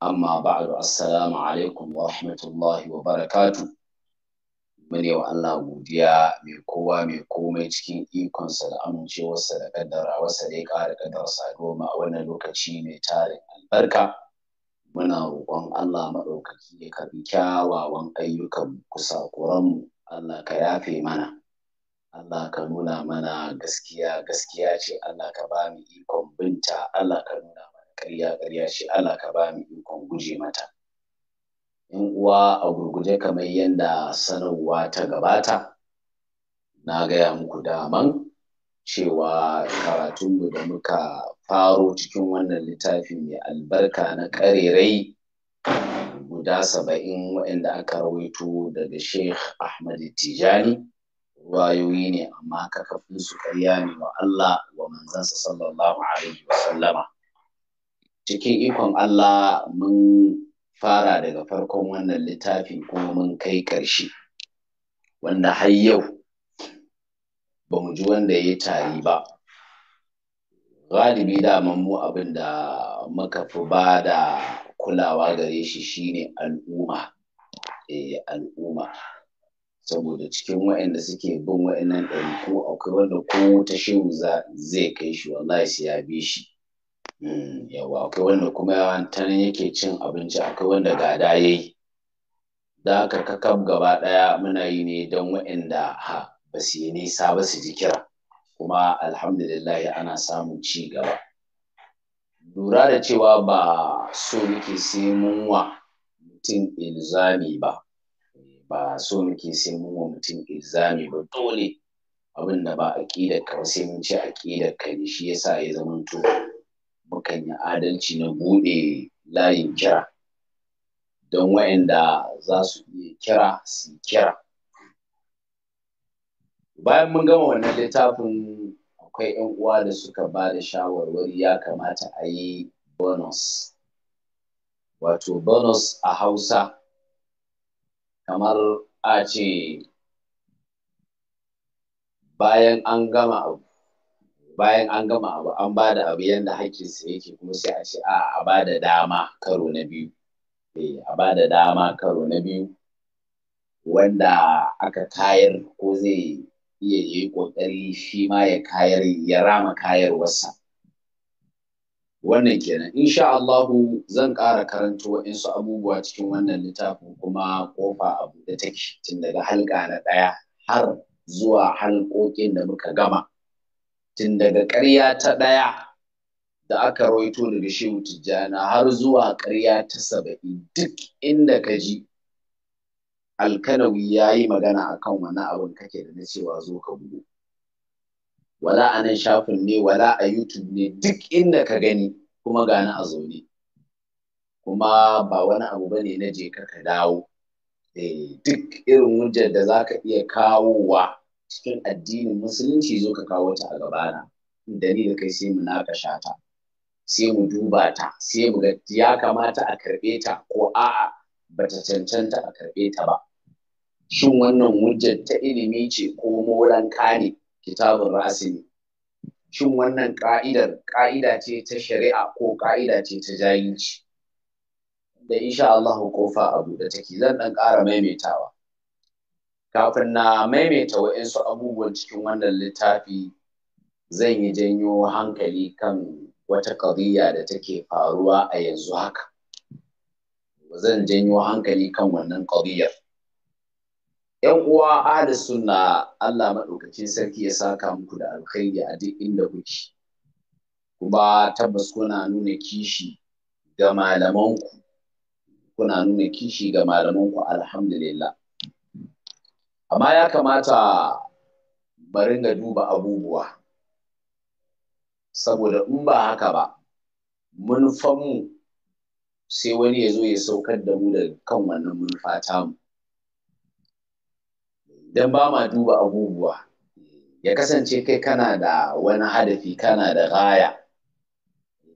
amma ba'du assalamu alaikum wa rahmatullahi wa barakatu mune wa Allah godiya mai kowa mai komai cikin ikonsa da amincewarsa da kaddara wasa da ya ƙara kaddara saduwa a wannan lokaci mai tarin albarka muna roƙon Allah maɗaukaci ya karbi kyawawan ayyukan kusakuranmu Allah ka yafe mana Allah ka nuna mana gaskiya gaskiya ce Allah ka ba mu ikon binta Allah ka nuna ƙarya ƙarya ce Allah ka ba mu ikon guje mata in uwa a gurguje kamar yadda sanarwa ta gabata na gaya muku daman cewa karatunmu da muka faro cikin wannan littafi mai albarka na ƙarerai guda saba'in waɗanda aka rawaito daga sheikh ahmad tijani wayoyi ne amma su ƙarya ne wa allah wa manzansa sallallahu alaihi wa sallama cikin ikon Allah mun fara daga farkon wannan littafi kuma mun kai ƙarshe wanda har yau ba mu ji wanda ya yi tari ba galibi daman mu abin da muka fi ba da kulawa gare shi shine al'umma eh al'umma saboda cikin waɗanda suke bin waɗannan ɗari ko akwai wanda ko wata shehu zai kai shi wallahi sai ya bi shi Hmm, yawa akwai wanda kuma ta yake cin abinci akwai wanda gada ya yi da haka kakab gaba ɗaya muna yi ne don waɗanda ha ba su yi nisa ba su ji kira kuma alhamdulillah ana samun ci gaba lura da cewa ba so nake sai mun wa mutum ilzami ba ba so nake sai mun wa mutum ilzami ba dole abin da ba aƙidar ka sai mun ce aƙidar ka ne shi yasa ya zama to mukan yi adalci na buɗe layin kira don wayanda za su iya kira su kira bayan mun gama wannan littafin akwai 'yan uwa da suka ba da shawarwari ya kamata a yi bonus wato bonus a hausa kamar a ce bayan an gama abu bayan an gama abu an ba da abu yadda haƙƙinsa yake kuma sai a ce a a ba da dama karo na biyu eh, a ba da dama karo na biyu wanda aka kayar ko zai iya yi ƙoƙari shi ma ya kayar ya rama kayarwarsa wannan kenan insha Allahu zan ƙara karanto waɗansu abubuwa cikin wannan littafin kuma kofa abu da take tun daga halƙa na ɗaya har zuwa halƙoƙin da muka gama tun daga ƙarya ta ɗaya da aka rawaito daga shehu tijjana har zuwa ƙarya ta saba'in duk inda ka ji alkanawi ya yi magana a kan wani abin kake da na cewa zo ka bugu wala a nan shafin ne wala a youtube ne duk inda ka gani kuma gani a zaune kuma ba wani abu ba ne na je ka dawo eh, duk irin hujjar da za ka iya kawowa cikin addinin musulunci zo ka kawo ta a gabana da ni kai sai mu nakasha ta sai mu duba ta sai mu ga ya kamata a karɓe ta ko a'a bata cancanta a karɓe ta ba shin wannan hujja ta ilimi ce ko moran kare kitabun rasini shin wannan ka'idar ka'ida ce ta shari'a ko ka'ida ce ta jahilci da insha Allahu kofa abu da take zan dan ƙara maimaitawa kafin na maimaita wa'insu abubuwan cikin wannan littafi zan yi janyo hankali kan wata ƙadiyya da take faruwa a yanzu haka zan janyo hankali kan wannan ƙadiyyar yan uwa ahli suna Allah maɗaukacin sarki ya saka muku da alkhairi a duk inda kuke kuma tabbas kuna nuna kishi ga malamanku kuna nuna kishi ga malamanku alhamdulillah amma ya kamata bari ga duba abubuwa saboda in ba haka ba mun mu sai wani ya zo ya saukar da mu da kan wannan manufa tamu idan ba ma duba abubuwa ya kasance kai kana da wani hadafi kana da gaya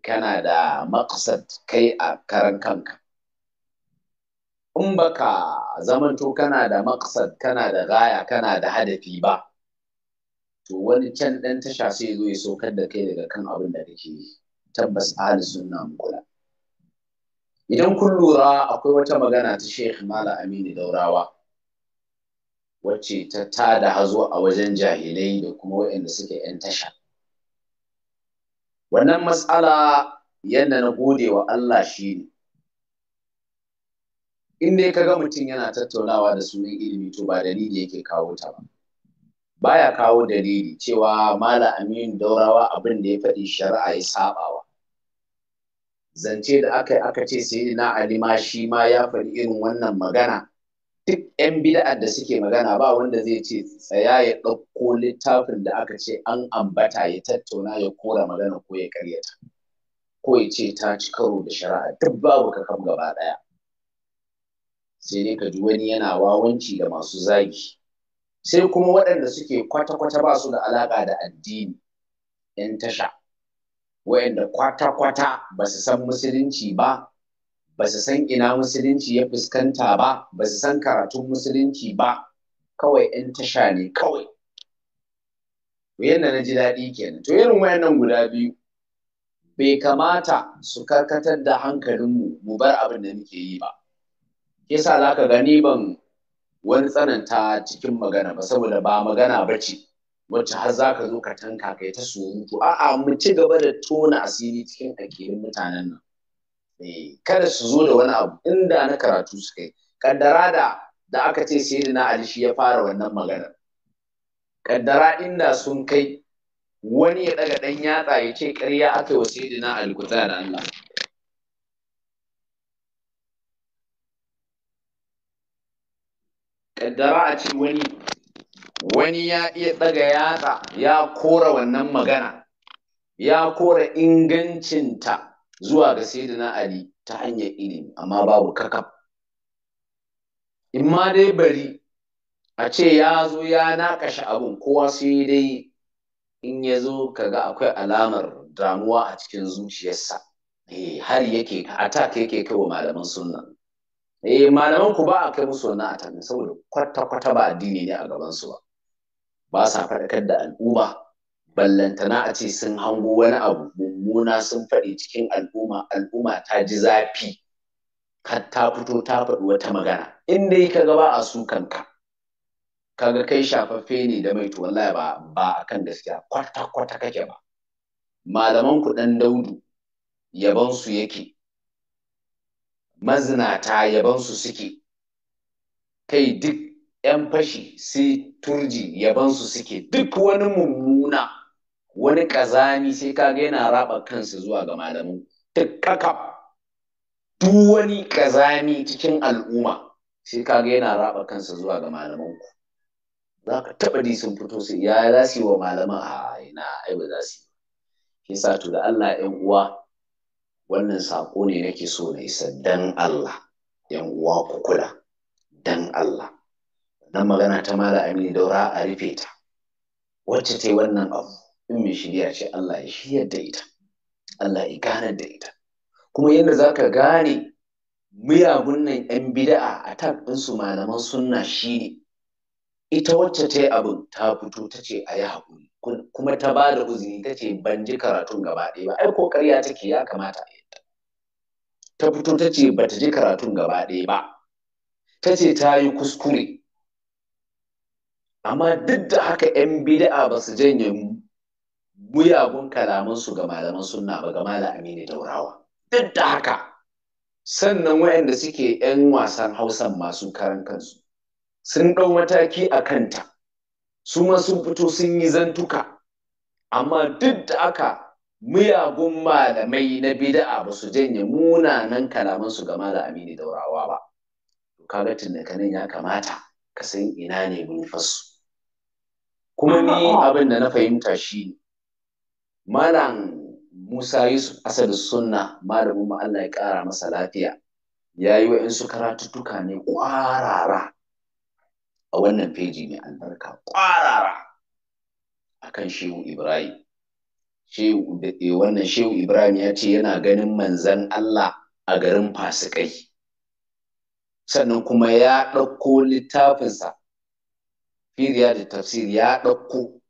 kana da maqsad kai a karan kanka in baka zamanto kana da maksad kana da gaya kana da hadafi ba to wani can ɗan tasha sai zo ya saukar da kai daga kan abin da kake yi tabbas ahli sunna mu kula idan kun lura akwai wata magana ta Sheikh Malam Aminu Daurawa wacce ta tada hazo a wajen jahilai da kuma waɗanda suke 'yan tasha wannan matsala yadda na gode wa Allah shi ne in dai kaga mutum yana tattaunawa da sunan ilimi to ba dalili yake kawo ta ba baya kawo dalili cewa mala aminu daurawa abin da ya faɗi shari'a ya sabawa zance da aka aka ce sai na ali ma shi ma ya faɗi irin wannan magana duk yan bid'a da suke magana ba wanda zai ce tsaya ya ɗauko littafin da aka ce an ambata ya tattauna ya kora magana ko ya karyata ko ya ce ta ci karo da shari'a duk babu ka kam gaba ɗaya sai dai ka ji wani yana wawanci da masu zagi sai kuma waɗanda suke kwata-kwata ba su da alaƙa da addini ‘yan tasha waɗanda kwata-kwata ba su san musulunci ba ba su san ina musulunci ya fuskanta ba ba su san karatun musulunci ba kawai ‘yan tasha ne kawai to yadda na ji daɗi kenan to irin wayannan guda biyu bai kamata su karkatar da hankalinmu mu bar abin da muke yi ba yasa za ka gani ban wani tsananta cikin magana ba saboda ba magana ba ce wacce har za ka zo ka tanka kai ta mutu? a'a mu ci gaba da tona asiri cikin akirin mutanen nan eh, kada su zo da wani abu inda na karatu su kai kaddara da da aka ce sai na ali shi ya fara wannan magana kaddara inda sun kai wani ya daga dan yatsa ya ce ƙarya aka yi wa sayyidina ali ku tsaya da Allah kaddara a ce wani wani ya iya ɗaga yatsa ya kora wannan magana ya kora ingancinta zuwa ga sayyidina ali ta hanyar ilimi amma babu kakaf imma ma dai bari a ce ya zo ya naƙashe abin kowa sai dai in ya zo kaga akwai alamar damuwa a cikin zuciyarsa eh, har yake attack yake kai wa malaman sunna eh malaman ku ba a kai musu wannan atamin saboda kwata kwata ba addini ne a gaban su ba ba sa faɗakar da al'umma ballantana a ce sun hango wani abu mummuna sun faɗi cikin al'umma al'umma ta ji zafi har ta fito ta faɗi wata magana in dai ka ga ba a su kanka kaga kai shafaffe ne da mai to wallahi ba ba kan gaskiya kwata kwata kake ba malaman ku dan daudu yabon su yake mazinata yabansu suke kai duk 'yan fashi sai turji yabansu suke duk wani mummuna wani ƙazami sai kaga yana raba kansa zuwa ga Duk tukkakaf duk wani ƙazami cikin al'umma sai kaga yana raba kansa zuwa ga malamanku za ka taɓa di sun fito su ya za su yi wa malaman a ina ai ba za su yi shi sa to da Allah 'yan uwa wannan saƙo ne nake so na isa dan Allah yan uwa ku kula dan Allah Nan magana ta mala amini daura a rufe ta wacce ta yi wannan abu in mai shirya ce Allah ya shiryar da ita Allah ya gane da ita kuma yadda za ka gane miyagun nan yan bida'a a tak ɗinsu malaman sunna shi ita wacce ta yi abin ta fito ta ce a yi haƙuri kuma ta ba da uzini ta ce ban ji karatun gaba ɗaya ba ai ko ƙarya take ya kamata a yi ta fito ta ce ba ta ji karatun gaba ɗaya ba ta ce ta yi kuskure amma duk da haka 'yan bida'a ba su janye muyagun kalamansu ga malaman sunna ba ga malam aminu daurawa duk da haka sannan waɗanda suke 'yan wasan hausan masu karan sun ɗau mataki a kanta su ma sun fito sun yi zantuka amma duk da aka miyagun malamai na bid'a ba su janye munanan kalamansu ga malam aminu daurawa ba to kaga nan ya kamata ka san ina ne manufarsu kuma ni abin da na fahimta shi ne malam musa yusuf asadu sunna malamin mu allah ya kara masa lafiya ya yi wa'insu karatuttuka ne ƙwarara a wannan feji mai albarka ƙwarara kan shehu ibrahim Eh, wannan shehu ibrahim ya ce yana ganin manzan Allah a garin fasikai sannan kuma ya ɗauko littafinsa firiya da tafsir ya ɗauko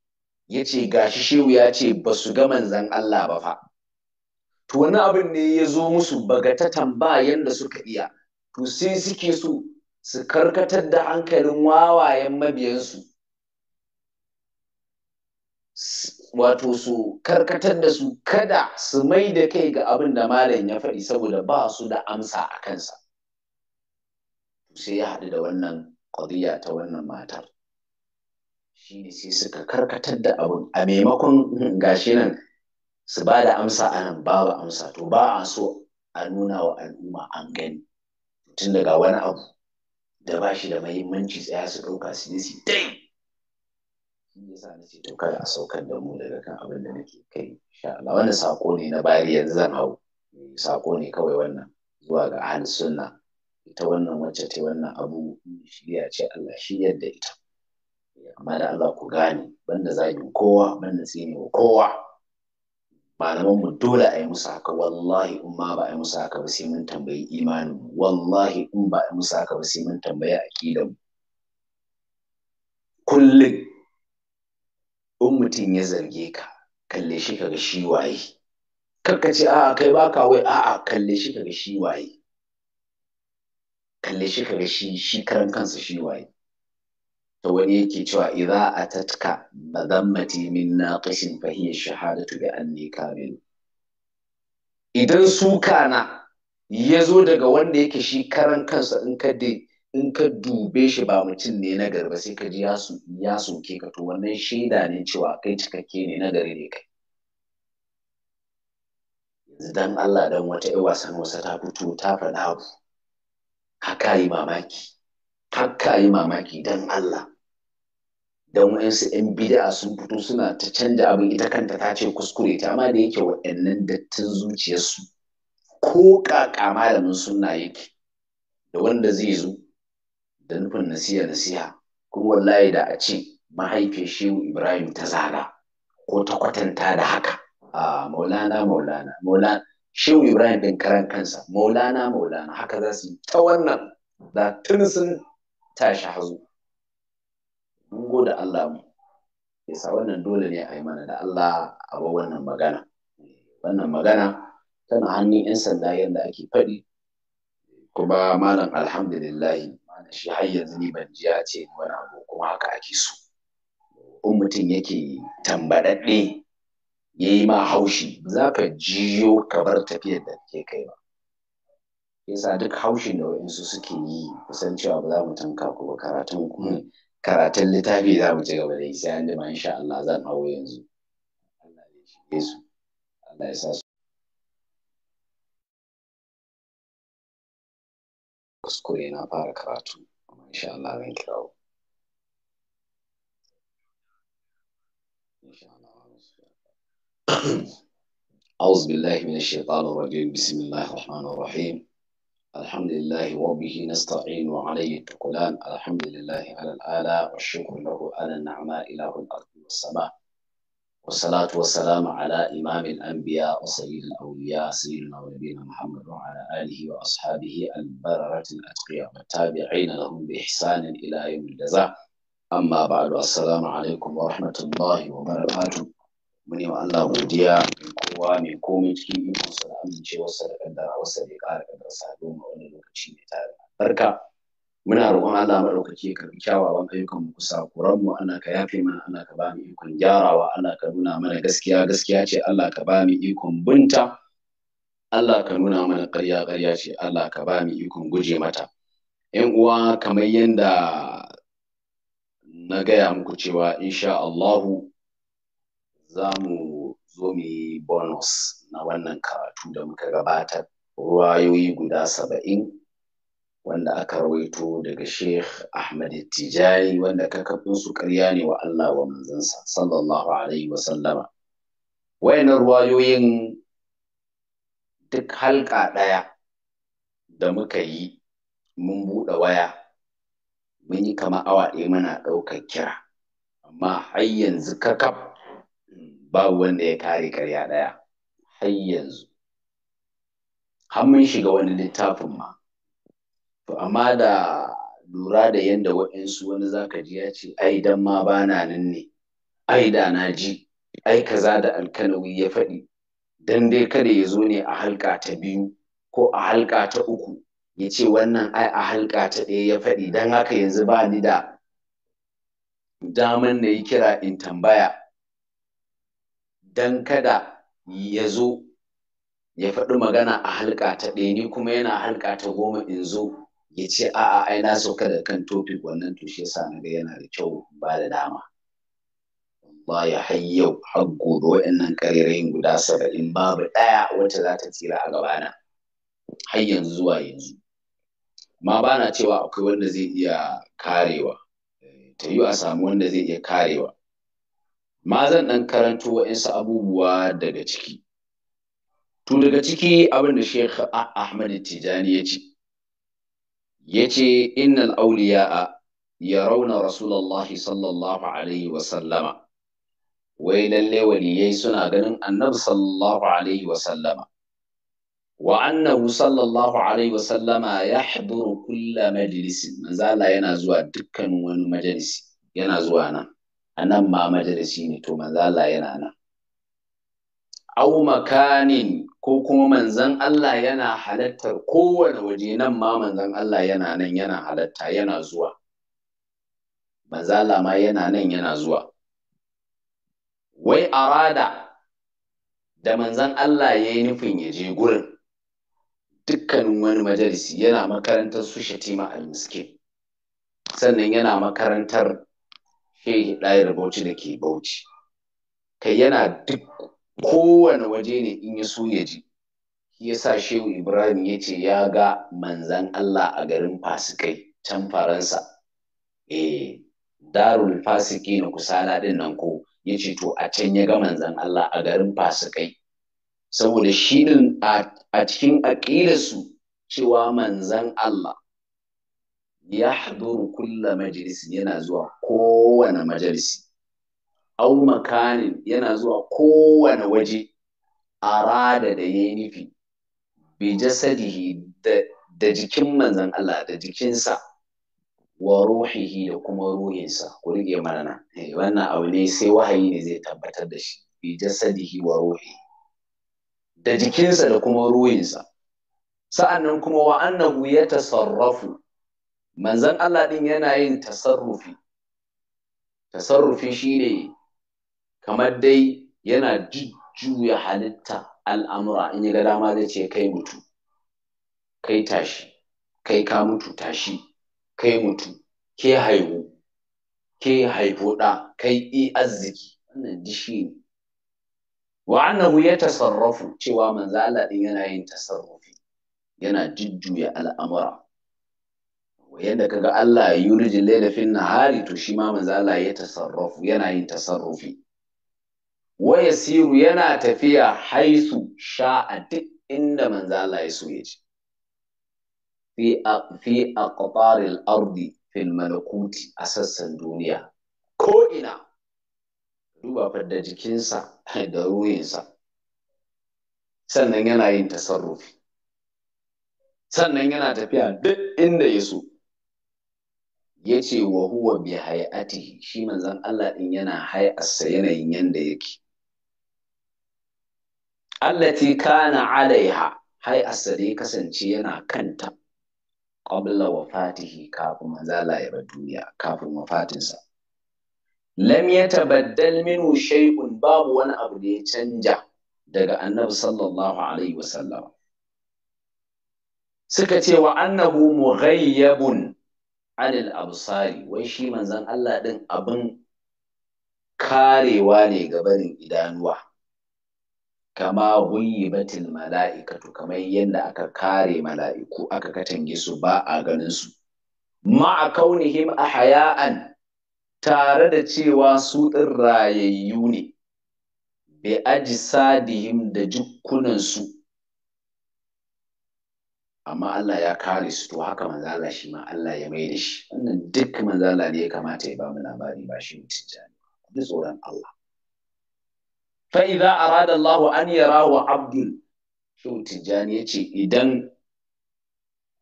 ya ce gashi shehu ya ce ba su ga manzan Allah ba fa to wani abin ne ya zo musu bagatatan ba yanda suka iya to sai suke so su karkatar da hankalin wawayen mabiyansu wato su karkatar da su kada su mai da kai ga abin da malam ya faɗi saboda ba su da amsa a kansa sai ya haɗu da wannan ƙwariya ta wannan matar shi ne sai suka karkatar da abin a maimakon hmm, gashi nan su ba da amsa a nan babu amsa to ba a so a nuna wa al'umma an gani tun daga wani abu da ba shi da mahimmanci tsaya su ɗauka su yi su dai yasa na ce to kada a saukar da mu daga kan abin da nake kai insha Allah wannan sako ne na bari yanzu zan hau eh, sako ne kawai wannan zuwa ga ahli sunna ita wannan wacce ta wannan abu shirya ce Allah shi yadda ita eh, amma da Allah ku gane banda zagin kowa banda tsine wa kowa malaman mu dole a yi musu haka wallahi in ma ba a yi musu haka ba sai mun tambayi imanin wallahi in ba a yi musu haka ba sai mun tambayi aqidan kullum in mutum ya zarge ka kalle shi kaga shi waye karka ce a'a kai ba ka wai a'a kalle shi kaga shi waye kalle shi kaga shi shi karan kansa shi waye to wani yake cewa idza atatka madammati min naqishin fa hiya shahadatu bi anni kamil idan suka na ya zo daga wanda yake shi karan kansa in ka in ka dube shi ba mutum ne na gari ba sai ka ji ya soke ka to wannan shaida ne cewa kai cikakke ne na gari ne kai yanzu dan Allah dan wata ƴar wasan wasa ta fito ta faɗa abu haka yi mamaki haka yi mamaki dan Allah dan wayansu ƴan bid'a sun fito suna ta canja abin ita kanta ta ce kuskure ta amma da yake waɗannan dattin zuciyarsu ko ƙaƙa malamin sunna yake da wanda zai zo da nufin nasiya nasiha kuma wallahi da a ce mahaifiyar shehu ibrahim ta zara ko ta kwatanta da haka a maulana maulana maulana shehu ibrahim din karan kansa maulana maulana haka za su yi ta wannan da tun sun tashi hazo mun gode Allah mu yasa wannan dole ne a yi mana da Allah a ba wannan magana wannan magana tana hannun 'yan sanda yadda ake faɗi kuma malam alhamdulillahi da shi har yanzu ni ban ji ya ce wani abu kuma haka ake so in mutum yake tambaɗaɗɗe ya yi ma haushi za ka jiyo ka bar tafiyar da ke kai ba sa duk haushin da wa'insu suke yi kusan cewa ba za mu tanka ku ba karatun kuma karatun littafi za mu ci gaba da yi sai an dama insha Allah zan hau yanzu Allah ya sa su kuskure na fara karatu insha Allah zan kirawo أعوذ بالله من الشيطان الرجيم بسم الله الرحمن الرحيم الحمد لله وبه نستعين وعليه التكلان الحمد لله على الآلاء والشكر له على النعماء إله الأرض والسماء والصلاة والسلام على إمام الأنبياء وسيد الأولياء سيدنا ونبينا محمد وعلى آله وأصحابه البررة الأتقياء والتابعين لهم بإحسان إلى يوم الجزاء أما بعد السلام عليكم ورحمة الله وبركاته muni wa Allah godiya kowa mai komai cikin ikonsa da amincewarsa da kaddara wasa da ya ƙara kaddara sadu ma wani lokaci mai tare barka muna roƙon Allah maɗaukaki ka karɓi kyawawan ayyukan mu kusa kuran mu Allah ka yafe mana Allah ka ba mu ikon gyarawa Allah ka nuna mana gaskiya gaskiya ce Allah ka ba mu ikon bunta Allah ka nuna mana ƙarya ƙarya ce Allah ka ba mu ikon guje mata ƴan uwa kamar yadda na gaya muku cewa insha Allah za mu zo mu yi bonus na wannan karatu da muka gabatar ruwayoyi guda saba'in wanda aka rawaito daga Sheikh Ahmad Tijani wanda kakafin su ƙarya ne wa Allah wa manzansa sallallahu alaihi wa sallama wayannan ruwayoyin duk halka ɗaya da muka yi mun buɗe waya mun yi kama awa ɗaya muna ɗaukar kira amma har yanzu kakaf babu wanda ya kare karya ɗaya har yanzu har mun shiga wani littafin ma to amma da lura da yadda waɗansu wani zaka ji ya ce ai dan ma bana nan ne ai da na ji ai kaza da alkanawi ya faɗi dan dai kada ya zo ne a halka ta biyu ko a halka ta uku ya ce wannan ai a halka ta ɗaya ya faɗi don haka yanzu ba ni da daman da yi kira in tambaya don kada ya zo ya faɗi magana a halƙa ta ɗaya ni kuma yana halka ta goma in zo ya ce a'a ai na sauka da kan topic wannan to shi yasa na ga yana da kyau ba da dama ba ya hayyau har gobe waɗannan ƙarerayin guda saba'in babu ɗaya wacce za ta tsira a gabana har yanzu zuwa yanzu amma ba na cewa akwai wanda zai iya karewa eh, ta yi a samu wanda zai iya karewa ma zan ɗan karanto waɗansu abubuwa daga ciki to daga ciki abin da Sheikh Ahmad Tijani ya ce yace innal awliya'a yarawna rasulullahi sallallahu alaihi wa sallama wai lalle waliyai suna ganin annabi sallallahu alaihi wa sallama wa annahu sallallahu alaihi wa sallama yahduru kulla majlisin manzala yana zuwa dukkan wani majalisi yana zuwa nan anan ma majalisi ne to manzala yana nan au makanin ko kuma manzan Allah yana halattar kowane waje nan ma manzan Allah yana nan yana halatta yana zuwa manzala ma yana nan yana zuwa wai arada da manzan Allah ya yi nufin ya je gurin dukkanin wani majalisi yana makarantar su shatima al-miskin sannan yana makarantar shehi ɗayar bauchi da ke bauchi kai yana duk kowane waje ne in ya so ya ji shi yasa shehu ibrahim ya ce ya ga manzan allah a garin fasikai can faransa eh darul fasiki na kusa din nan ko ya ce to a can ya ga manzan allah a garin fasikai saboda shi din a cikin su cewa manzan allah ya haduru kulla majalisi yana zuwa kowane majalisi au makanin yana zuwa kowane waje arada da ya nufi bi jasadihi da jikin manzon Allah da jikinsa wa ruhihi da kuma ruhinsa ku rike mana eh, wannan abu ne sai wahayi ne zai tabbatar da shi bi jasadihi wa ruhi da jikinsa da kuma ruhinsa sa'annan kuma wa annahu ya tasarrafu manzon Allah din yana yin tasarrufi tasarrufi shine kamar dai yana jujjuya halitta al'amura in ya ga dama zai ce kai mutu kai tashi kai ka mutu tashi kai mutu ke haihu ke haifo kai i arziki wannan dishi ne wa ya tasarrafu cewa manzo Allah din yana yin tasarrufi yana jujjuya al'amura yadda kaga Allah ya yulji laila na nahari to shi ma manzo Allah ya tasarrafu yana yin tasarrufi waya siru yana tafiya haisu sha a duk inda manzo Allah ya so ya ji fi fi aqtaril ardi fil malakuti a sassan duniya ko ina duba fadda jikinsa da ruhinsa sannan yana yin tasarrufi sannan yana tafiya duk inda ya so ya ce wa huwa bi hay'atihi shi manzon Allah din yana hay'arsa yanayin yanda yake allati kana alaiha hai asali kasance yana kanta qabla wafatihi kafin manzala ya bar duniya kafin wafatinsa lam yatabaddal minhu shay'un babu wani abu da ya canja daga annabi sallallahu alaihi wasallam suka ce wa annahu mughayyabun anil absari wai shi manzon Allah din abin karewa ne ga barin idanuwa kama ghuyyibatil mala'ikatu kamar yadda aka kare mala'iku aka katange su ba a ganin su him a haya'an, tare da cewa su din rayayyu ne bi ajsadihim da jukkunan su amma Allah ya kare su to haka manzala shi ma Allah ya mai da shi wannan duk manzala ne ya kamata ya ba mu labari ba shi mutunta ne tsoron Allah fa idza arada Allah an yara wa abdul to tijani yace idan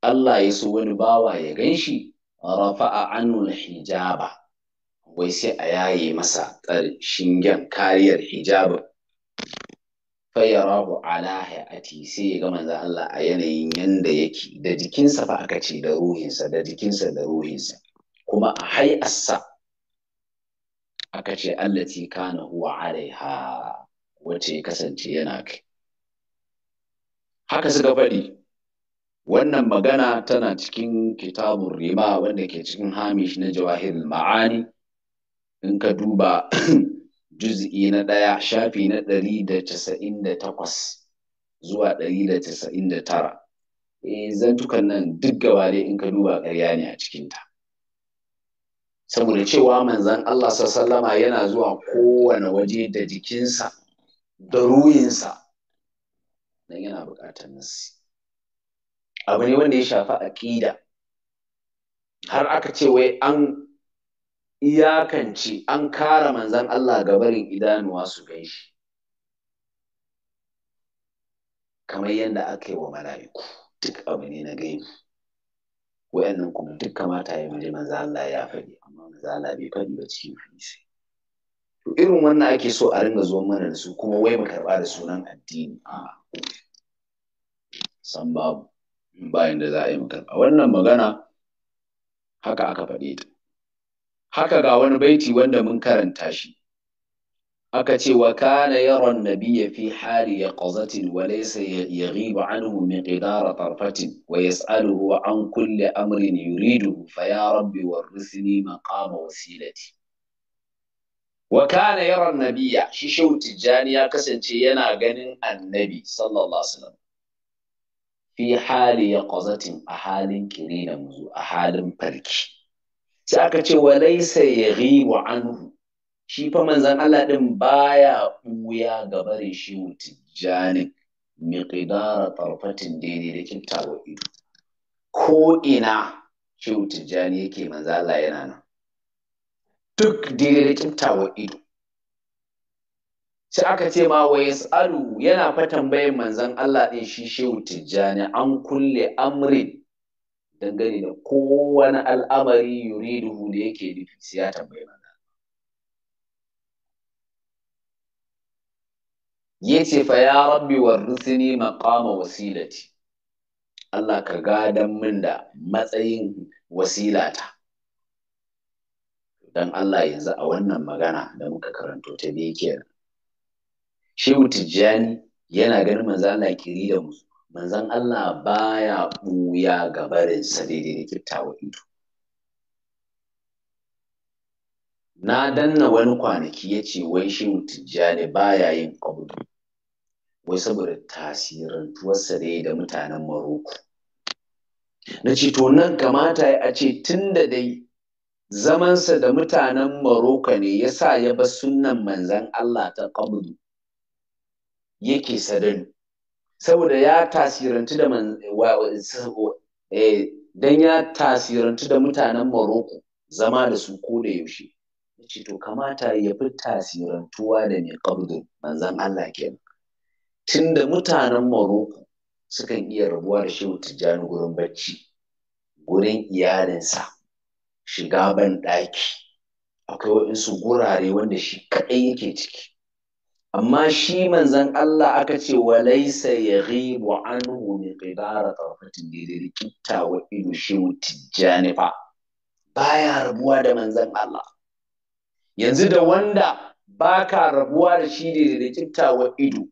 Allah ya so wani bawa ya ganshi rafa'a anul hijaba wai sai a yaye masa shingen kariyar hijaba fa yarahu ala hayati sai ya ga manzon Allah a yanayin yanda yake da jikinsa fa aka ce da ruhinsa da jikinsa da ruhinsa kuma a hay'arsa aka ce allati kana huwa alaiha wacce ya kasance yana kai haka suka faɗi wannan magana tana cikin kitabun rima wanda ke cikin hamish na jawahir ma'ani in ka duba juz'i na ɗaya shafi na ɗari da casa'in da takwas zuwa ɗari da casa'in da tara e zantukan nan duk gaba dai in ka duba ƙarya ne a cikinta saboda cewa manzan Allah sallama yana zuwa kowane waje da jikinsa da ruhinsa don yana buƙatar nasi abu ne wanda ya shafi aƙida har aka ce wai an iyakance an kara manzan Allah ga barin idanuwa su gan shi kamar yadda aka yi wa mala'iku duk abu ne na gaibu nan kuma duk kamata ya maje manzan Allah ya faɗi amma manzan Allah bai faɗi ba cikin hadisi to irin wannan ake so a ringa zuwa mana da su kuma wai mu karɓa da sunan addini san babu bayan da za a yi mu karɓa wannan magana haka aka faɗe ta haka ga wani baiti wanda mun karanta shi aka ce wa kana yaron nabiyya fi hali ya qazatin wa laysa yaghibu anhu min qidara tarfatin wa yas'aluhu an kulle amrin yuridu fa ya rabbi warithni maqama wasilati wa kana yaran nabiya shi shehu tijjani ya kasance yana ganin annabi sallallahu alaihi wasallam fi hali ya qazatin a halin kiri da muzu a halin farki sai aka ce wa laysa wa anhu shi fa manzan Allah din baya ɓuya ga bare shehu tijjani ƙidara tarfatin daidai da kintawa ido ko ina shehu tijjani yake manzala yana nan duk daidai wa ido sai aka ce ma wa yas'alu yana fa tambayin manzon Allah ɗin shi shehu tijjani an kulle amrin dangane da kowane al'amari yuriduhu da yake nufi sai ya tambayi manzon ce fa ya rabbi wa rusini maqama wasilati Allah ka gadan min da matsayin wasilata don Allah yanzu a wannan magana da muka karanto ta biyu kenan shehu tijjani yana ganin manzan Allah kiri da musu manzan Allah baya ɓuya ga sa daidai da kyakkyawa ido na danna wani kwanaki ya ce wai shehu tijjani baya yin abu. wai saboda tasirantuwarsa dai da mutanen maroko na ce to nan kamata a ce tun da dai zamansa da mutanen Maroko ne ya sa ya ba sunan manzan Allah ta ƙabulu yake sadani saboda ya tasirantu da eh, dan ya tasirantu da mutanen Maroko zama da su ko da yaushe yace to kamata ya fi tasirantuwa da mai ƙabulu manzan Allah kenan tunda mutanen Maroko sukan iya rabuwa da shehu Tijjani gurin bacci gurin iyalinsa shiga ban ɗaki akwai waɗansu gurare wanda shi kaɗai yake ciki amma shi manzan Allah aka ce wa laisa ya ghibu anhu min qibara tarfatin daidai kitta wa ido shi tijjani Ba baya rabuwa da manzan Allah yanzu da wanda baka rabuwa da shi daidai kitta wa ido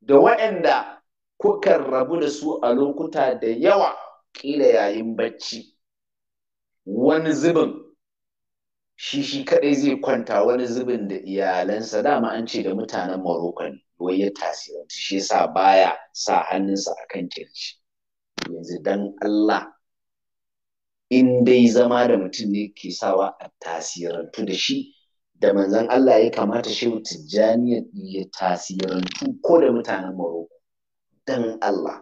da waɗanda kukan rabu da su a lokuta da yawa ƙila yayin bacci wani zubin shi shi kadai zai kwanta wani zubin da iyalansa dama an ce da mutanen Morocco ne wai ya tasirantu shi yasa baya sa hannunsa akan kirji yanzu dan Allah in dai zama da mutum ne ke sawa a tasirantu da shi da manzon Allah ya kamata shi tijjani ya tasirantu ko da mutanen Morocco dan Allah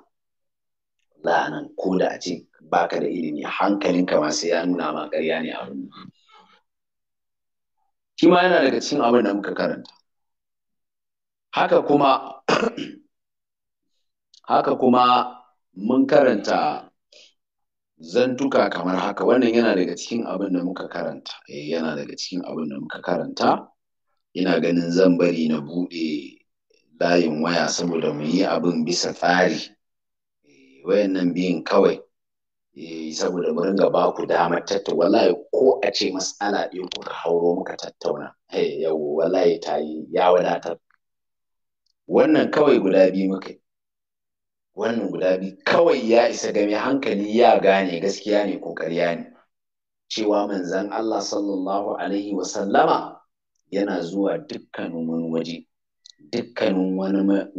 lanan ko da a ce baka da ilimi ka ma sai ya nuna ma ƙarya ne wurin shi ma yana daga cikin abin da muka karanta haka kuma haka kuma mun karanta zantuka kamar haka wannan yana daga cikin abin da muka karanta eh yana daga cikin abin da muka karanta ina ganin zan bari na buɗe layin waya saboda mu yi abin bisa tsari eh, wayannan biyun kawai Eh, saboda mu ringa ba ku damar tattauna wallahi ko a ce mas'ala ɗin kuka hauro muka tattauna hey, eh, yau wallahi ta yi ya wadatar wannan kawai guda biyu muka yi wannan guda biyu kawai ya isa game hankali ya gane gaskiya ne ko ƙarya ne cewa manzan Allah sallallahu alaihi wa sallama yana zuwa dukkanin waje dukkanin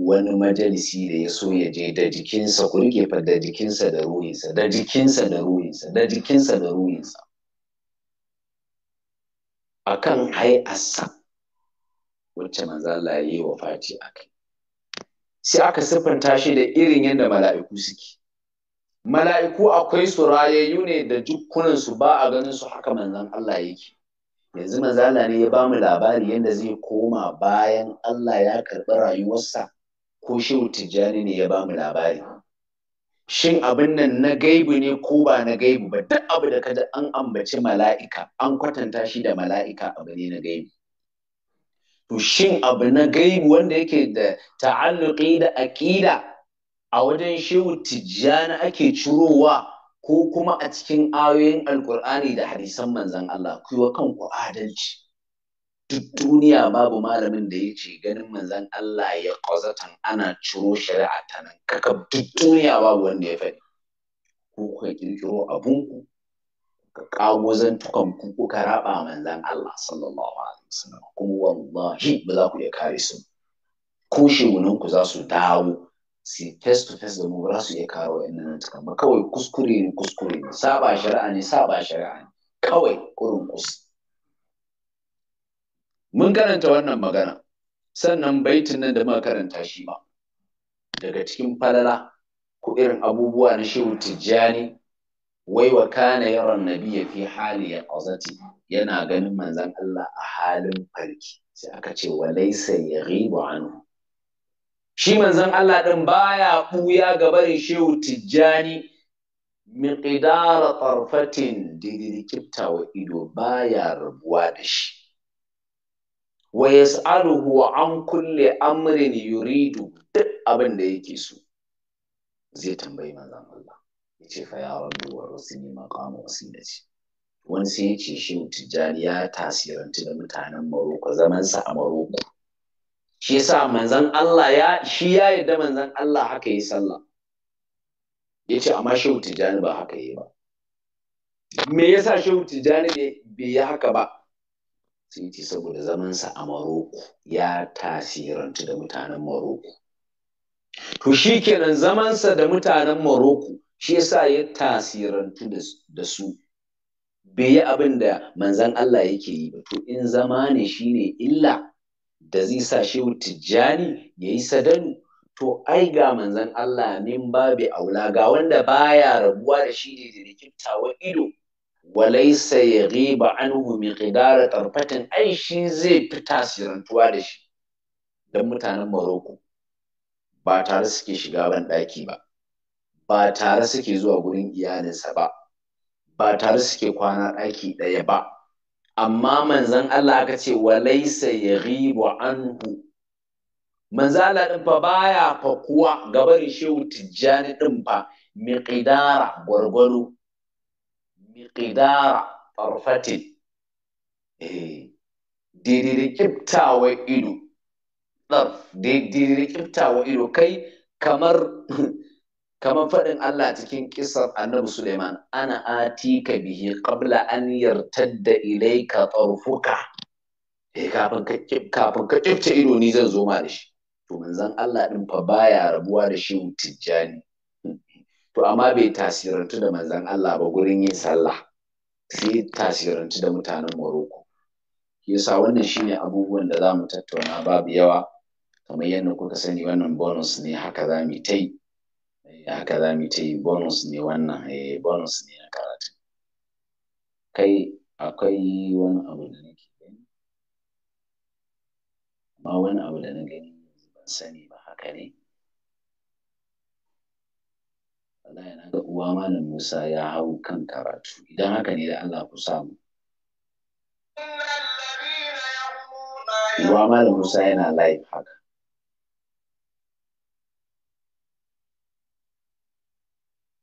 wani majalisi da ya so ya je da jikinsa ku rike fa da jikinsa da ruhinsa da jikinsa da ruhinsa da jikinsa da ruhinsa akan hai'arsa wacce manzo Allah ya yi wa fati kai? sai aka siffanta shi da irin yadda mala'iku suke mala'iku akwai su rayayyu ne da jukkunansu ba a ganin su haka manzon Allah yake yanzu manzala ne ya bamu labari yadda zai koma bayan Allah ya karɓi rayuwarsa ko shehu tijjani ne ya bamu labari shin abin nan na gaibu ne ko ba na gaibu ba duk abu da kada an ambaci mala'ika an kwatanta shi da mala'ika abu ne na gaibu to shin abu na gaibu wanda yake da ta'alluqi da aƙida a wajen shehu tijjani ake curowa ko kuma a cikin ayoyin alkur'ani da hadisan manzan Allah ku wa kanku adalci duk duniya babu malamin da ya ce ganin manzan Allah ya ƙazatan ana ciro shari'a ta nan kaka duk duniya babu wanda ya faɗi ko kuka ƙirƙiro abunku ka ƙago zantukan ku kuka raba manzan Allah sallallahu alaihi wasallam kuma wallahi ba za ku iya kare su ko shegunan ku za su dawo si face to face da mu ba su iya kawo wa'annan tukan ba kawai kuskure ne kuskure ne saba shari'a ne saba shari'a ne kawai kurin kus mun karanta wannan magana sannan baitin nan da muka karanta shi ma daga cikin falala ko irin abubuwa na shehu tijjani wai wa kana yaron nabi ya fi hali ya azati yana ganin manzon Allah a halin farki sai aka ce wa laysa yaghibu anhu shi manzan Allah ɗin baya ɓuya ga barin shehu tijjani min ƙidara ƙarfatin da wa ido baya rabuwa da shi wa yas'aluhu an kulle amrin yuridu duk abin da yake so zai tambayi manzon Allah ya ce fa ya rabbi wa rusuli maqamu wasilati wani sai yace shi tijjani ya tasirantu da mutanen Maroko zamansa a Maroko shi yasa manzon Allah ya shi ya yarda manzon Allah haka yi sallah yace amma shehu tijani ba haka yi ba me yasa shehu tijani ne bai yi haka ba sai ce saboda zamansa a Maroko ya tasirantu da mutanen Maroko to shikenan zaman sa da mutanen Maroko shi yasa ya tasirantu da su bai yi abin da manzon Allah yake yi ba to in zama ne shine illa da zai sa shi tijjani ya yi sadanu to ai ga manzan Allah min bi aula ga wanda baya rabuwa da shi ne da rikiftawa ido walaisa ya riba anhu ƙidara ƙarfatin, ai shi zai fi tasirantuwa da shi don mutanen Morocco ba tare suke shiga ban ɗaki ba ba tare suke zuwa gurin iyalinsa ba ba tare suke kwana ɗaki ɗaya ba amma manzan Allah aka ce wa ya yaghibu anhu manzan Allah ɗin fa baya fa kuwa gabarin shehu tijjani ɗin fa miƙidara gwargwaro miƙidara eh, daidai ido ɗarf daidai ido kai kamar kamar faɗin Allah cikin kisar annabi Suleiman ana atika bihi qabla an yartadda ilayka tarfuka eh kafin ka kafin ka kifce ido ni zan zo ma da shi to manzon Allah din fa baya rabuwa da shi tijjani to amma bai tasirantu da manzon Allah ba gurin yin sallah sai tasirantu da mutanen Morocco yasa wannan shine abubuwan da zamu tattauna babu yawa kamar yadda kuka sani wannan bonus ne haka za mu yi tai. haka za mu ce bonus ne wannan eh bonus ne na karatu kai akwai wani abu da nake gani amma wani abu da na gani ban sani ba haka ne wallahi na ga uwa malam Musa ya hau kan karatu idan haka ne da Allah ku samu uwa malam Musa yana live haka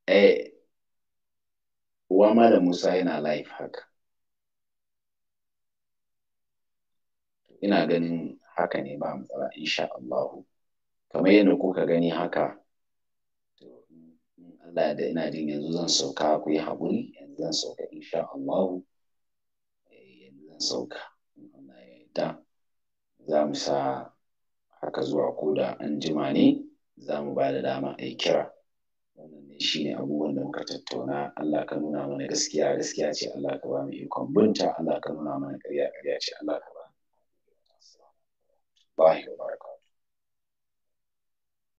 eh uwa malam Musa yana life haka ina ganin haka ne ba matsala insha Allah kamar yadda kuka gani haka Allah da ina jin yanzu zan sauka ku yi haƙuri yanzu zan sauka insha Allah eh, yanzu zan sauka Allah ya yarda za mu sa haka zuwa ko da an ne za mu ba da dama a kira shi ne abubuwan da muka tattauna Allah ka nuna mana gaskiya gaskiya ce Allah ka ba mu ikon binta Allah ka nuna mana ƙarya ƙarya ce Allah ka ba mu. Bahi wa baraka.